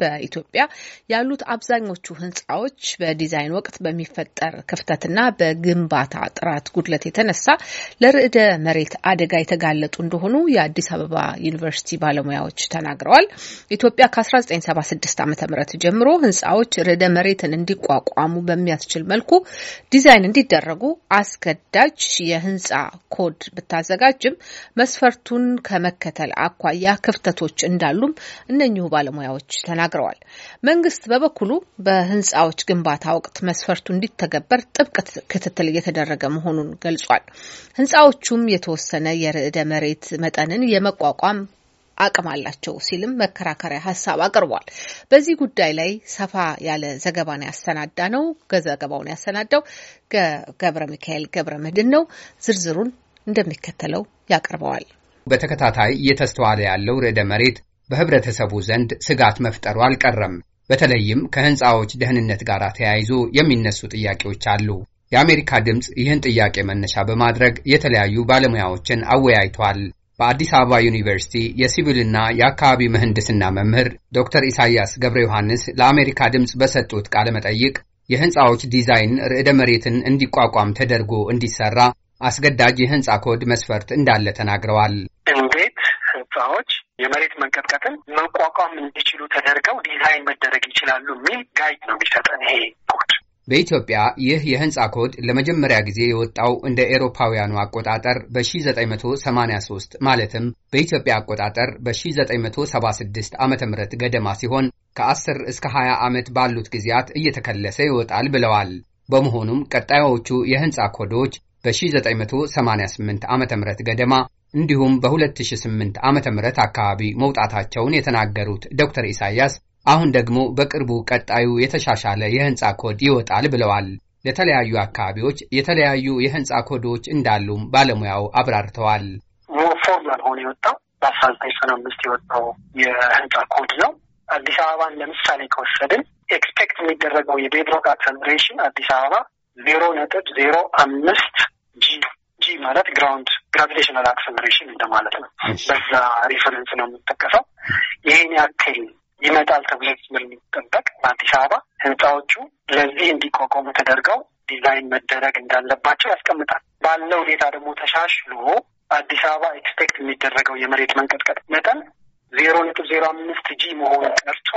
በኢትዮጵያ ያሉት አብዛኞቹ ህንፃዎች በዲዛይን ወቅት በሚፈጠር ክፍተትና በግንባታ ጥራት ጉድለት የተነሳ ለርዕደ መሬት አደጋ የተጋለጡ እንደሆኑ የአዲስ አበባ ዩኒቨርሲቲ ባለሙያዎች ተናግረዋል። ኢትዮጵያ ከ1976 ዓ ም ጀምሮ ህንፃዎች ርዕደ መሬትን እንዲቋቋሙ በሚያስችል መልኩ ዲዛይን እንዲደረጉ አስገዳጅ የህንፃ ኮድ ብታዘጋጅም መስፈርቱን ከመከተል አኳያ ክፍተቶች እንዳሉም እነኚሁ ባለሙያዎች ተናግረዋል። ተናግረዋል። መንግስት በበኩሉ በህንፃዎች ግንባታ ወቅት መስፈርቱ እንዲተገበር ጥብቅ ክትትል እየተደረገ መሆኑን ገልጿል። ህንፃዎቹም የተወሰነ የርዕደ መሬት መጠንን የመቋቋም አቅም አላቸው ሲልም መከራከሪያ ሀሳብ አቅርቧል። በዚህ ጉዳይ ላይ ሰፋ ያለ ዘገባን ያሰናዳ ነው ዘገባውን ያሰናዳው ገብረ ሚካኤል ገብረ መድን ነው። ዝርዝሩን እንደሚከተለው ያቀርበዋል። በተከታታይ እየተስተዋለ ያለው ርዕደ መሬት በህብረተሰቡ ዘንድ ስጋት መፍጠሩ አልቀረም። በተለይም ከህንፃዎች ደህንነት ጋር ተያይዞ የሚነሱ ጥያቄዎች አሉ። የአሜሪካ ድምፅ ይህን ጥያቄ መነሻ በማድረግ የተለያዩ ባለሙያዎችን አወያይቷል። በአዲስ አበባ ዩኒቨርሲቲ የሲቪልና የአካባቢ ምህንድስና መምህር ዶክተር ኢሳያስ ገብረ ዮሐንስ ለአሜሪካ ድምፅ በሰጡት ቃለ መጠይቅ የህንፃዎች ዲዛይን ርዕደ መሬትን እንዲቋቋም ተደርጎ እንዲሰራ አስገዳጅ የህንፃ ኮድ መስፈርት እንዳለ ተናግረዋል። ህንፃዎች የመሬት መንቀጥቀጥን መቋቋም እንዲችሉ ተደርገው ዲዛይን መደረግ ይችላሉ የሚል ጋይድ ነው የሚሰጠን ይሄ ኮድ። በኢትዮጵያ ይህ የህንፃ ኮድ ለመጀመሪያ ጊዜ የወጣው እንደ ኤሮፓውያኑ አቆጣጠር በ1983 ማለትም በኢትዮጵያ አቆጣጠር በ1976 ዓ ም ገደማ ሲሆን ከ10 እስከ 20 ዓመት ባሉት ጊዜያት እየተከለሰ ይወጣል ብለዋል። በመሆኑም ቀጣዮቹ የህንፃ ኮዶች በ1988 ዓ ም ገደማ እንዲሁም በ2008 ዓ ም አካባቢ መውጣታቸውን የተናገሩት ዶክተር ኢሳያስ አሁን ደግሞ በቅርቡ ቀጣዩ የተሻሻለ የህንፃ ኮድ ይወጣል ብለዋል። ለተለያዩ አካባቢዎች የተለያዩ የህንፃ ኮዶች እንዳሉም ባለሙያው አብራርተዋል። ፎርማል ሆኖ የወጣው በአስራ ዘጠኝ አምስት የወጣው የህንፃ ኮድ ነው። አዲስ አበባን ለምሳሌ ከወሰድን ኤክስፔክት የሚደረገው የቤድሮክ አክሰለሬሽን አዲስ አበባ ዜሮ ነጥብ ዜሮ አምስት ጂ ጂ ማለት ግራውንድ ግራቪቴሽናል አክሰለሬሽን እንደማለት ነው። በዛ ሪፈረንስ ነው የምጠቀሰው። ይህን ያክል ይመጣል ተብሎ የሚጠበቅ በአዲስ አበባ ህንፃዎቹ ለዚህ እንዲቋቋሙ ተደርገው ዲዛይን መደረግ እንዳለባቸው ያስቀምጣል። ባለው ሁኔታ ደግሞ ተሻሽሎ አዲስ አበባ ኤክስፔክት የሚደረገው የመሬት መንቀጥቀጥ መጠን ዜሮ ነጥብ ዜሮ አምስት ጂ መሆኑ ቀርቶ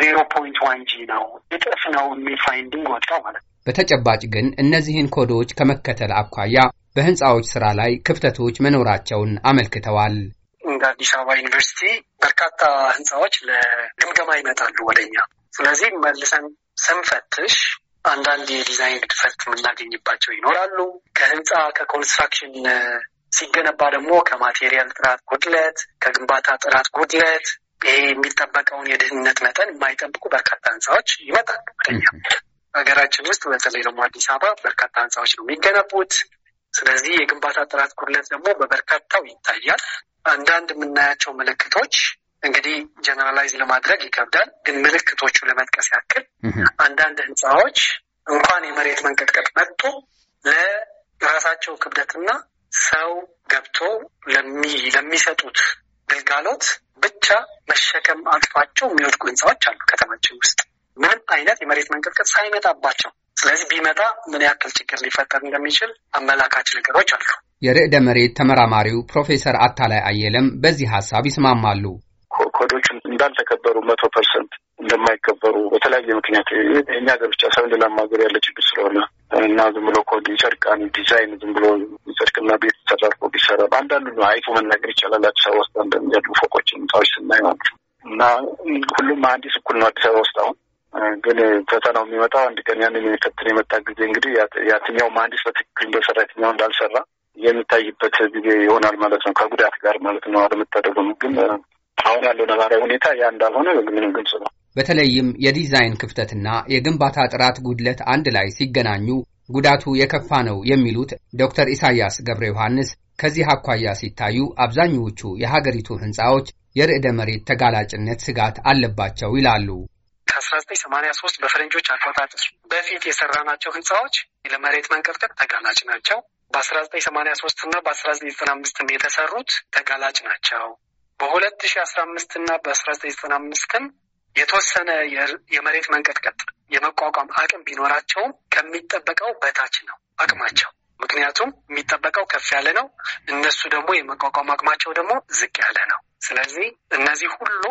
ዜሮ ፖይንት ዋን ጂ ነው፣ እጥፍ ነው የሚል ፋይንዲንግ ወጣው ማለት ነው። በተጨባጭ ግን እነዚህን ኮዶች ከመከተል አኳያ በህንፃዎች ስራ ላይ ክፍተቶች መኖራቸውን አመልክተዋል። እንደ አዲስ አበባ ዩኒቨርሲቲ በርካታ ህንፃዎች ለግምገማ ይመጣሉ ወደኛ። ስለዚህ መልሰን ስንፈትሽ አንዳንድ የዲዛይን ግድፈት የምናገኝባቸው ይኖራሉ። ከህንፃ ከኮንስትራክሽን ሲገነባ ደግሞ ከማቴሪያል ጥራት ጉድለት፣ ከግንባታ ጥራት ጉድለት ይሄ የሚጠበቀውን የድህንነት መጠን የማይጠብቁ በርካታ ህንፃዎች ይመጣሉ ወደኛ። ሀገራችን ውስጥ በተለይ ደግሞ አዲስ አበባ በርካታ ህንፃዎች ነው የሚገነቡት። ስለዚህ የግንባታ ጥራት ጉድለት ደግሞ በበርካታው ይታያል። አንዳንድ የምናያቸው ምልክቶች እንግዲህ ጀነራላይዝ ለማድረግ ይከብዳል፣ ግን ምልክቶቹ ለመጥቀስ ያክል አንዳንድ ህንፃዎች እንኳን የመሬት መንቀጥቀጥ መጥቶ ለራሳቸው ክብደትና ሰው ገብቶ ለሚሰጡት ግልጋሎት ብቻ መሸከም አቅቷቸው የሚወድቁ ህንፃዎች አሉ ከተማችን ውስጥ። ምንም አይነት የመሬት መንቀጥቀጥ ሳይመጣባቸው ስለዚህ ቢመጣ ምን ያክል ችግር ሊፈጠር እንደሚችል አመላካች ነገሮች አሉ። የርዕደ መሬት ተመራማሪው ፕሮፌሰር አታላይ አየለም በዚህ ሀሳብ ይስማማሉ። ኮዶች እንዳልተከበሩ መቶ ፐርሰንት እንደማይከበሩ በተለያየ ምክንያት የእኛ ሀገር ብቻ ሳይሆን ሌላም ሀገር ያለ ችግር ስለሆነ እና ዝም ብሎ ኮድ ይጨርቃን ዲዛይን ዝም ብሎ ይጨርቅና ቤት ተጠርፎ ቢሰራ በአንዳንዱ አይቶ መናገር ይቻላል። አዲስ አበባ ውስጥ አንዳንድ ፎቆችን ህንፃዎች ስናይ ማለት ነው እና ሁሉም መሀንዲስ እኩል ነው አዲስ አበባ ውስጥ አሁን ግን ፈተናው የሚመጣው አንድ ቀን ያንን የሚፈትን የመጣ ጊዜ እንግዲህ ያትኛው መሀንዲስ በትክክል እንደሰራ እንዳልሰራ የሚታይበት ጊዜ ይሆናል ማለት ነው። ከጉዳት ጋር ማለት ነው። አለመታደጉም ግን አሁን ያለው ነባራዊ ሁኔታ ያ እንዳልሆነ ምንም ግልጽ ነው። በተለይም የዲዛይን ክፍተትና የግንባታ ጥራት ጉድለት አንድ ላይ ሲገናኙ ጉዳቱ የከፋ ነው የሚሉት ዶክተር ኢሳያስ ገብረ ዮሐንስ ከዚህ አኳያ ሲታዩ አብዛኞቹ የሀገሪቱ ሕንፃዎች የርዕደ መሬት ተጋላጭነት ስጋት አለባቸው ይላሉ። አስራ ዘጠኝ ሰማኒያ ሶስት በፈረንጆች አቆጣጠር በፊት የሰራናቸው ህንፃዎች ለመሬት መንቀጥቀጥ ተጋላጭ ናቸው። በአስራ ዘጠኝ ሰማኒያ ሶስት እና በአስራ ዘጠኝ ዘጠና አምስትም የተሰሩት ተጋላጭ ናቸው። በሁለት ሺ አስራ አምስት እና በአስራ ዘጠኝ ዘጠና አምስትም የተወሰነ የመሬት መንቀጥቀጥ የመቋቋም አቅም ቢኖራቸውም ከሚጠበቀው በታች ነው አቅማቸው። ምክንያቱም የሚጠበቀው ከፍ ያለ ነው፣ እነሱ ደግሞ የመቋቋም አቅማቸው ደግሞ ዝቅ ያለ ነው። ስለዚህ እነዚህ ሁሉ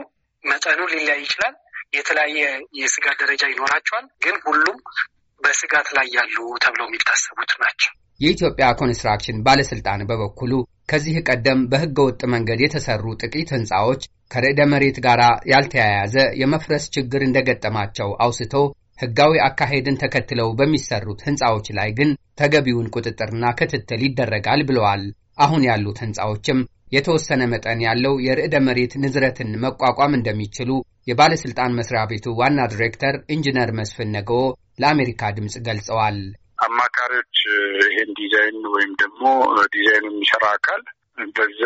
መጠኑ ሊለያይ ይችላል። የተለያየ የስጋት ደረጃ ይኖራቸዋል። ግን ሁሉም በስጋት ላይ ያሉ ተብለው የሚታሰቡት ናቸው። የኢትዮጵያ ኮንስትራክሽን ባለስልጣን በበኩሉ ከዚህ ቀደም በህገ ወጥ መንገድ የተሰሩ ጥቂት ህንፃዎች ከርዕደ መሬት ጋር ያልተያያዘ የመፍረስ ችግር እንደገጠማቸው አውስቶ ህጋዊ አካሄድን ተከትለው በሚሰሩት ህንፃዎች ላይ ግን ተገቢውን ቁጥጥርና ክትትል ይደረጋል ብለዋል። አሁን ያሉት ህንፃዎችም የተወሰነ መጠን ያለው የርዕደ መሬት ንዝረትን መቋቋም እንደሚችሉ የባለሥልጣን መስሪያ ቤቱ ዋና ዲሬክተር ኢንጂነር መስፍን ነገዎ ለአሜሪካ ድምፅ ገልጸዋል። አማካሪዎች ይህን ዲዛይን ወይም ደግሞ ዲዛይኑ የሚሰራ አካል በዛ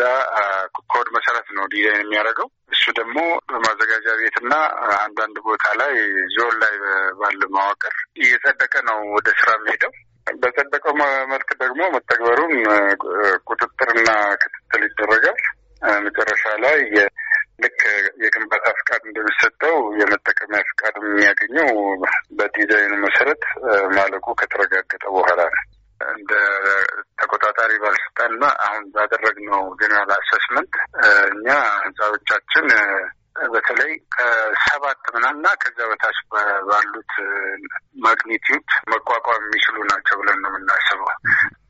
ኮድ መሰረት ነው ዲዛይን የሚያደርገው። እሱ ደግሞ በማዘጋጃ ቤትና አንዳንድ ቦታ ላይ ዞን ላይ ባለው መዋቅር እየጸደቀ ነው ወደ ስራ የሚሄደው። በጸደቀው መልክ ደግሞ መተግበሩን ቁጥጥርና ክትትል ይደረጋል። መጨረሻ ላይ ልክ የግንባታ ፍቃድ እንደሚሰጠው የመጠቀሚያ ፍቃድ የሚያገኘው በዲዛይኑ መሰረት ማለቁ ከተረጋገጠ በኋላ ነው። እንደ ተቆጣጣሪ ባለስልጣንና አሁን ባደረግነው ጀነራል አሰስመንት እኛ ህንፃዎቻችን በተለይ ከሰባት እና ከዚያ በታች ባሉት ማግኒቲዩድ መቋቋም የሚችሉ ናቸው ብለን ነው የምናስበው።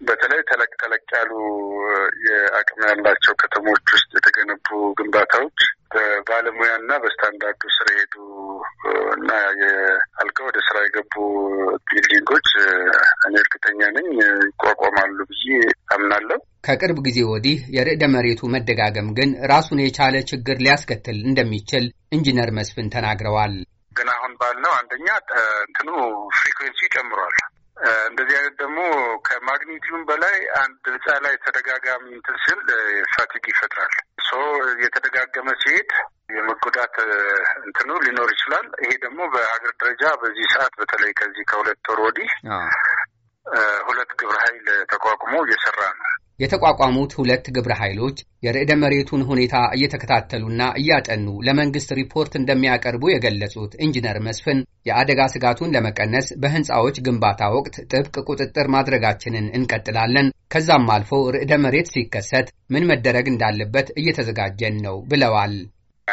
በተለይ ተለቅ ተለቅ ያሉ የአቅም ያላቸው ከተሞች ውስጥ የተገነቡ ግንባታዎች በባለሙያና በስታንዳርዱ ስር የሄዱ እና አልቀው ወደ ስራ የገቡ ቢልዲንጎች እኔ እርግጠኛ ነኝ ይቋቋማሉ ብዬ አምናለሁ። ከቅርብ ጊዜ ወዲህ የርዕደ መሬቱ መደጋገም ግን ራሱን የቻለ ችግር ሊያስከትል እንደሚችል ኢንጂነር መስፍን ተናግረዋል። ግን አሁን ባለው አንደኛ እንትኑ ፍሪኩዌንሲ ጨምሯል። እንደዚህ አይነት ደግሞ ከማግኒቲዩም በላይ አንድ ህንፃ ላይ ተደጋጋሚ እንትን ስል ፋቲግ ይፈጥራል። ሶ የተደጋገመ ሲሄድ የመጎዳት እንትኑ ሊኖር ይችላል። ይሄ ደግሞ በሀገር ደረጃ በዚህ ሰዓት በተለይ ከዚህ ከሁለት ወር ወዲህ ሁለት ግብረ ኃይል ተቋቁሞ እየሰራ ነው የተቋቋሙት ሁለት ግብረ ኃይሎች የርዕደ መሬቱን ሁኔታ እየተከታተሉና እያጠኑ ለመንግሥት ሪፖርት እንደሚያቀርቡ የገለጹት ኢንጂነር መስፍን የአደጋ ስጋቱን ለመቀነስ በህንፃዎች ግንባታ ወቅት ጥብቅ ቁጥጥር ማድረጋችንን እንቀጥላለን፣ ከዛም አልፎ ርዕደ መሬት ሲከሰት ምን መደረግ እንዳለበት እየተዘጋጀን ነው ብለዋል።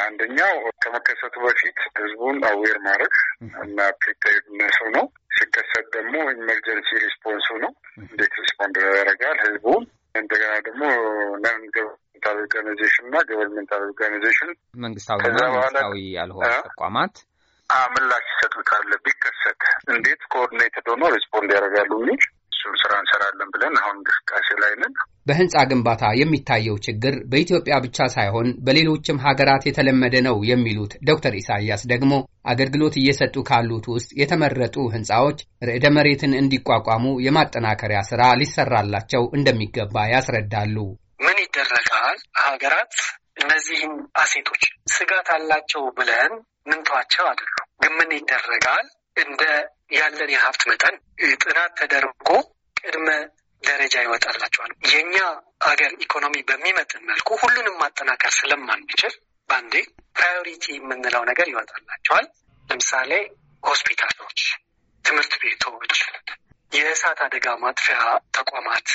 አንደኛው ከመከሰቱ በፊት ህዝቡን አዌር ማድረግ እና ፕሪፔርነሱ ነው። ሲከሰት ደግሞ ኢመርጀንሲ ሪስፖንሱ ነው። እንዴት ሪስፖንድ ያደረጋል ህዝቡን እንደገና ደግሞ ናን ገቨርንመንታል ኦርጋናይዜሽን እና ገቨርንመንታል ኦርጋናይዜሽን መንግስታዊ መንግስታዊ ያልሆኑ ተቋማት ምላሽ ይሰጡታል። ቢከሰት እንዴት ኮኦርዲኔትድ ሆኖ ሪስፖንድ ያደርጋሉ የሚል እሱን ስራ እንሰራለን ብለን አሁን እንቅስቃሴ ላይ ነን። በህንፃ ግንባታ የሚታየው ችግር በኢትዮጵያ ብቻ ሳይሆን በሌሎችም ሀገራት የተለመደ ነው የሚሉት ዶክተር ኢሳያስ ደግሞ አገልግሎት እየሰጡ ካሉት ውስጥ የተመረጡ ህንፃዎች ርዕደ መሬትን እንዲቋቋሙ የማጠናከሪያ ስራ ሊሰራላቸው እንደሚገባ ያስረዳሉ። ምን ይደረጋል? ሀገራት እነዚህም አሴቶች ስጋት አላቸው ብለን ምንቷቸው አይደሉም። ግን ምን ይደረጋል እንደ ያለን የሀብት መጠን ጥናት ተደርጎ ቅድመ ደረጃ ይወጣላቸዋል። የእኛ አገር ኢኮኖሚ በሚመጥን መልኩ ሁሉንም ማጠናከር ስለማንችል በአንዴ ፕራዮሪቲ የምንለው ነገር ይወጣላቸዋል። ለምሳሌ ሆስፒታሎች፣ ትምህርት ቤቶች፣ የእሳት አደጋ ማጥፊያ ተቋማት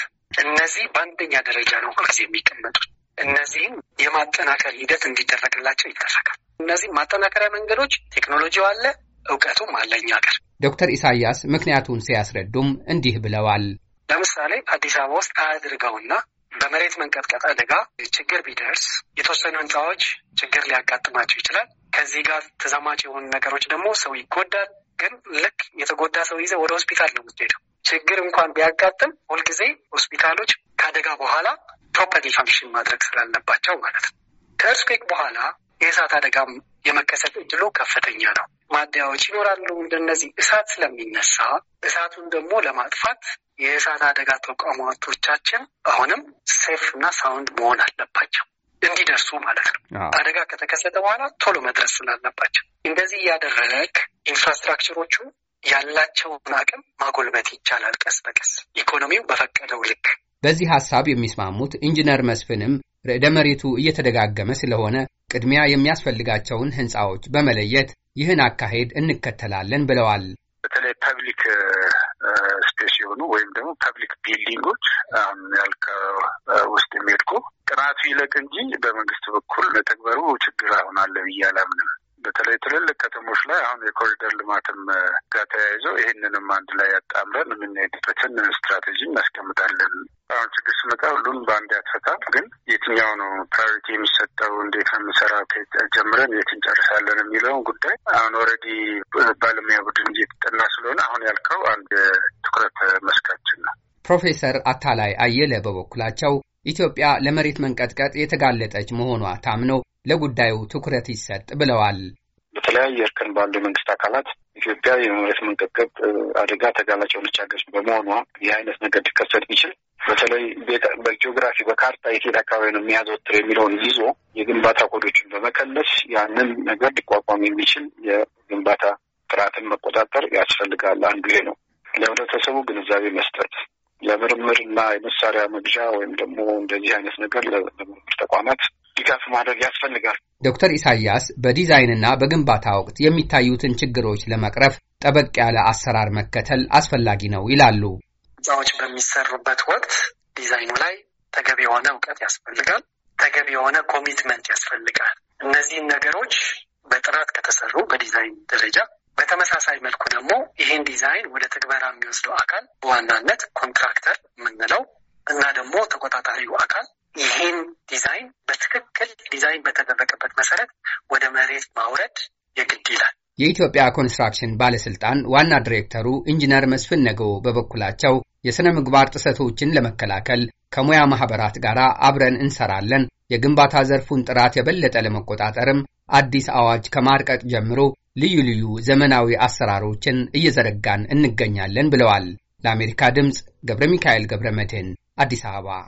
እነዚህ በአንደኛ ደረጃ ነው ሁልጊዜ የሚቀመጡት። እነዚህም የማጠናከር ሂደት እንዲደረግላቸው ይደረጋል። እነዚህ ማጠናከሪያ መንገዶች ቴክኖሎጂው አለ፣ እውቀቱም አለ እኛ ሀገር ዶክተር ኢሳያስ ምክንያቱን ሲያስረዱም እንዲህ ብለዋል። ለምሳሌ አዲስ አበባ ውስጥ አያድርገውና በመሬት መንቀጥቀጥ አደጋ ችግር ቢደርስ የተወሰኑ ህንፃዎች ችግር ሊያጋጥማቸው ይችላል። ከዚህ ጋር ተዛማጭ የሆኑ ነገሮች ደግሞ ሰው ይጎዳል። ግን ልክ የተጎዳ ሰው ይዘ ወደ ሆስፒታል ነው የምትሄደው። ችግር እንኳን ቢያጋጥም ሁልጊዜ ሆስፒታሎች ከአደጋ በኋላ ፕሮፐርሊ ፋንክሽን ማድረግ ስላለባቸው ማለት ነው። ከእርስኩክ በኋላ የእሳት አደጋ የመከሰት እድሉ ከፍተኛ ነው። ማደያዎች ይኖራሉ። እንደነዚህ እሳት ስለሚነሳ እሳቱን ደግሞ ለማጥፋት የእሳት አደጋ ተቋማቶቻችን አሁንም ሴፍ እና ሳውንድ መሆን አለባቸው እንዲደርሱ ማለት ነው። አደጋ ከተከሰተ በኋላ ቶሎ መድረስ ስላለባቸው እንደዚህ እያደረግ ኢንፍራስትራክቸሮቹ ያላቸውን አቅም ማጎልበት ይቻላል። ቀስ በቀስ ኢኮኖሚው በፈቀደው ልክ። በዚህ ሀሳብ የሚስማሙት ኢንጂነር መስፍንም ርዕደ መሬቱ እየተደጋገመ ስለሆነ ቅድሚያ የሚያስፈልጋቸውን ህንፃዎች በመለየት ይህን አካሄድ እንከተላለን ብለዋል። በተለይ ፐብሊክ ስፔስ የሆኑ ወይም ደግሞ ፐብሊክ ቢልዲንጎች ያልከ ውስጥ የሚሄድኩ ጥናቱ ይለቅ እንጂ በመንግስት በኩል መተግበሩ ችግር አሁን አለ ብዬ አላምንም። በተለይ ትልልቅ ከተሞች ላይ አሁን የኮሪደር ልማትም ጋር ተያይዞ ይህንንም አንድ ላይ ያጣምረን የምንሄድበትን ስትራቴጂ እናስቀምጣለን። አሁን ችግር ስመጣ ሁሉን በአንድ ያትፈታም፣ ግን የትኛው ነው ፕራዮሪቲ የሚሰጠው እንዴት ነው ጀምረን የት እንጨርሳለን የሚለውን ጉዳይ አሁን ኦልሬዲ ባለሙያ ቡድን እየተጠና ስለሆነ አሁን ያልከው አንድ ትኩረት መስካችን ነው። ፕሮፌሰር አታላይ አየለ በበኩላቸው ኢትዮጵያ ለመሬት መንቀጥቀጥ የተጋለጠች መሆኗ ታምነው ለጉዳዩ ትኩረት ይሰጥ ብለዋል። በተለያየ እርከን ባሉ የመንግስት አካላት ኢትዮጵያ የመሬት መንቀጥቀጥ አደጋ ተጋላጭ የሆነች ሀገር በመሆኗ ይህ አይነት ነገር ሊከሰት የሚችል በተለይ በጂኦግራፊ በካርታ የቴት አካባቢ ነው የሚያዘወትር የሚለውን ይዞ የግንባታ ኮዶችን በመከለስ ያንን ነገር ሊቋቋም የሚችል የግንባታ ጥራትን መቆጣጠር ያስፈልጋል። አንዱ ይሄ ነው። ለህብረተሰቡ ግንዛቤ መስጠት፣ ለምርምርና የመሳሪያ መግዣ ወይም ደግሞ እንደዚህ አይነት ነገር ለምርምር ተቋማት ድጋፍ ማድረግ ያስፈልጋል። ዶክተር ኢሳያስ በዲዛይንና በግንባታ ወቅት የሚታዩትን ችግሮች ለመቅረፍ ጠበቅ ያለ አሰራር መከተል አስፈላጊ ነው ይላሉ። ህንፃዎች በሚሰሩበት ወቅት ዲዛይኑ ላይ ተገቢ የሆነ እውቀት ያስፈልጋል። ተገቢ የሆነ ኮሚትመንት ያስፈልጋል። እነዚህን ነገሮች በጥራት ከተሰሩ በዲዛይን ደረጃ በተመሳሳይ መልኩ ደግሞ ይህን ዲዛይን ወደ ትግበራ የሚወስደው አካል በዋናነት ኮንትራክተር የምንለው እና ደግሞ ተቆጣጣሪው አካል ይሄን ዲዛይን በትክክል ዲዛይን በተደረገበት መሰረት ወደ መሬት ማውረድ የግድ ይላል። የኢትዮጵያ ኮንስትራክሽን ባለስልጣን ዋና ዲሬክተሩ ኢንጂነር መስፍን ነገው በበኩላቸው የሥነ ምግባር ጥሰቶችን ለመከላከል ከሙያ ማኅበራት ጋር አብረን እንሰራለን፣ የግንባታ ዘርፉን ጥራት የበለጠ ለመቆጣጠርም አዲስ አዋጅ ከማርቀቅ ጀምሮ ልዩ ልዩ ዘመናዊ አሰራሮችን እየዘረጋን እንገኛለን ብለዋል። ለአሜሪካ ድምፅ ገብረ ሚካኤል ገብረ መድህን አዲስ አበባ